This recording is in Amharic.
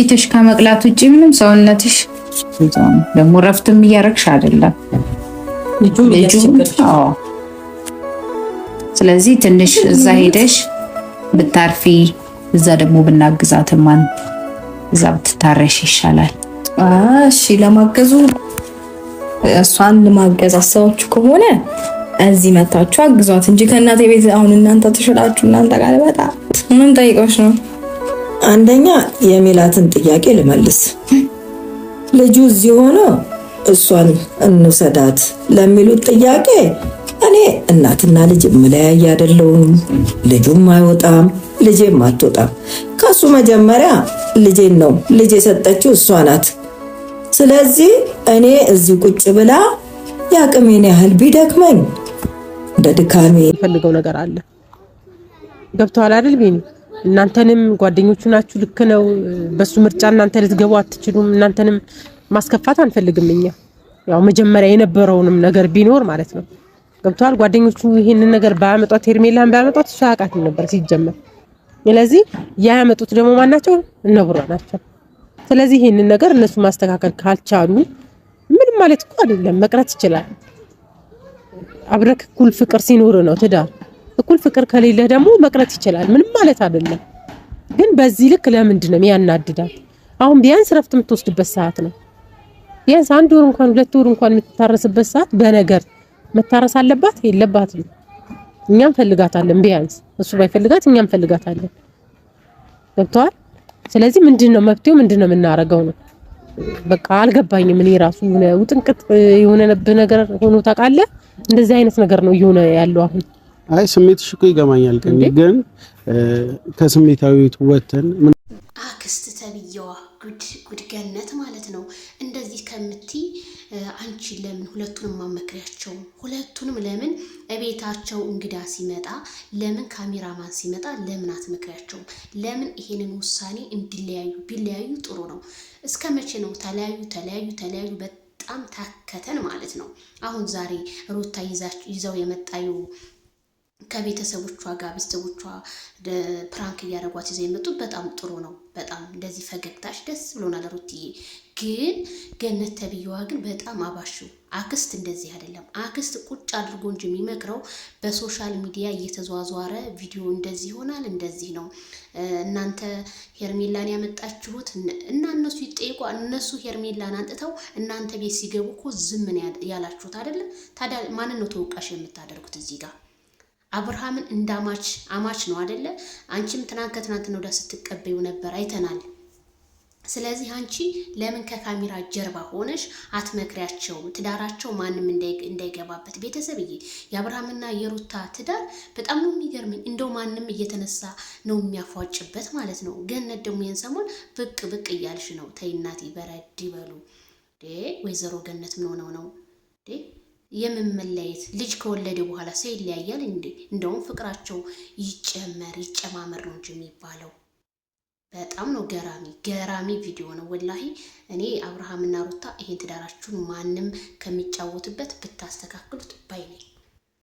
ፊትሽ ከመቅላት ውጭ ምንም ሰውነትሽ ደግሞ ረፍትም እያረግሽ አይደለም። ስለዚህ ትንሽ እዛ ሄደሽ ብታርፊ እዛ ደግሞ ብናግዛት ማን እዛ ብትታረሽ ይሻላል። እሺ ለማገዙ እሷን ለማገዝ አሰባችሁ ከሆነ እዚህ መታችሁ አግዟት እንጂ ከእናቴ ቤት አሁን እናንተ ተሸላችሁ እናንተ ጋር በጣም ምንም ጠይቀች ነው አንደኛ የሜላትን ጥያቄ ልመልስ። ልጁ እዚህ ሆኖ እሷን እንውሰዳት ለሚሉት ጥያቄ እኔ እናትና ልጅ የምለያይ አይደለሁም። ልጁም አይወጣም፣ ልጄም አትወጣም። ከሱ መጀመሪያ ልጄን ነው ልጅ የሰጠችው እሷ ናት። ስለዚህ እኔ እዚህ ቁጭ ብላ የአቅሜን ያህል ቢደክመኝ እንደ ድካሜ የፈልገው ነገር አለ ገብተዋል አይደል? እናንተንም ጓደኞቹ ናችሁ፣ ልክ ነው። በሱ ምርጫ እናንተ ልትገቡ አትችሉም። እናንተንም ማስከፋት አንፈልግም እኛ ያው መጀመሪያ የነበረውንም ነገር ቢኖር ማለት ነው ገብተዋል። ጓደኞቹ ይህንን ነገር ባያመጧት ሄርሜላን ባያመጧት እሱ አያውቃትም ነበር ሲጀመር። ስለዚህ ያያመጡት ደግሞ ማናቸው እነብሯ ናቸው። ስለዚህ ይህንን ነገር እነሱ ማስተካከል ካልቻሉ ምንም ማለት እኮ አይደለም፣ መቅረት ይችላል። አብረክ እኩል ፍቅር ሲኖር ነው ትዳር እኩል ፍቅር ከሌለ ደግሞ መቅረት ይችላል። ምንም ማለት አይደለም። ግን በዚህ ልክ ለምንድን ነው ያናድዳት? አሁን ቢያንስ ረፍት የምትወስድበት ሰዓት ነው። ቢያንስ አንድ ወር እንኳን ሁለት ወር እንኳን የምትታረስበት ሰዓት በነገር መታረስ አለባት የለባትም። እኛም ፈልጋታለን። ቢያንስ እሱ ባይፈልጋት እኛም ፈልጋታለን። ገብተዋል። ስለዚህ ምንድን ነው መፍትሄው? ምንድን ነው የምናረገው ነው በቃ አልገባኝም። እኔ ራሱ የሆነ ውጥንቅጥ ነገር ሆኖ ታውቃለህ። እንደዚህ አይነት ነገር ነው እየሆነ ያለው አሁን። አይ ስሜትሽ እኮ ይገባኛል፣ ግን ከስሜታዊ ወተን አክስት ተብዬዋ ጉድ ጉድ ገነት ማለት ነው። እንደዚህ ከምትይ አንቺ ለምን ሁለቱንም ማመክሪያቸው? ሁለቱንም ለምን እቤታቸው እንግዳ ሲመጣ ለምን ካሜራማን ሲመጣ ለምን አትመክሪያቸውም? ለምን ይሄንን ውሳኔ እንዲለያዩ? ቢለያዩ ጥሩ ነው። እስከ መቼ ነው ተለያዩ ተለያዩ ተለያዩ? በጣም ታከተን ማለት ነው። አሁን ዛሬ ሩታ ይዘው የመጣዩ ከቤተሰቦቿ ጋር ቤተሰቦቿ ፕራንክ እያደረጓት ይዘው የመጡት በጣም ጥሩ ነው። በጣም እንደዚህ ፈገግታሽ ደስ ብሎናል ሩትዬ። ግን ገነት ተብዬዋ ግን በጣም አባሹ አክስት እንደዚህ አይደለም። አክስት ቁጭ አድርጎ እንጂ የሚመክረው በሶሻል ሚዲያ እየተዟዟረ ቪዲዮ እንደዚህ ይሆናል፣ እንደዚህ ነው፣ እናንተ ሄርሜላን ያመጣችሁት እና እነሱ ይጠይቁ። እነሱ ሄርሜላን አንጥተው እናንተ ቤት ሲገቡ እኮ ዝምን ያላችሁት አይደለም። ታዲያ ማንን ነው ተወቃሽ የምታደርጉት እዚህ ጋር? አብርሃምን እንዳማች አማች ነው አደለ? አንቺም ትናንት ነው ወዲያ ስትቀበዩ ነበር አይተናል። ስለዚህ አንቺ ለምን ከካሜራ ጀርባ ሆነሽ አትመክሪያቸው? ትዳራቸው ማንም እንዳይገባበት። ቤተሰብዬ፣ የአብርሃምና የሩታ ትዳር በጣም ነው የሚገርምኝ። እንደው ማንም እየተነሳ ነው የሚያፏጭበት ማለት ነው። ገነት ደግሞ ይህን ሰሞን ብቅ ብቅ እያልሽ ነው። ተይ እናቴ፣ በረድ ይበሉ። ወይዘሮ ገነት ምን ሆነው ነው? የመመለየት ልጅ ከወለደ በኋላ ሰው ይለያያል እንዴ? እንደውም ፍቅራቸው ይጨመር ይጨማመር ነው እንጂ የሚባለው። በጣም ነው ገራሚ ገራሚ ቪዲዮ ነው ወላሂ። እኔ አብርሃምና ሩታ ይሄን ትዳራችሁን ማንም ከሚጫወትበት ብታስተካክሉት ባይ ነኝ።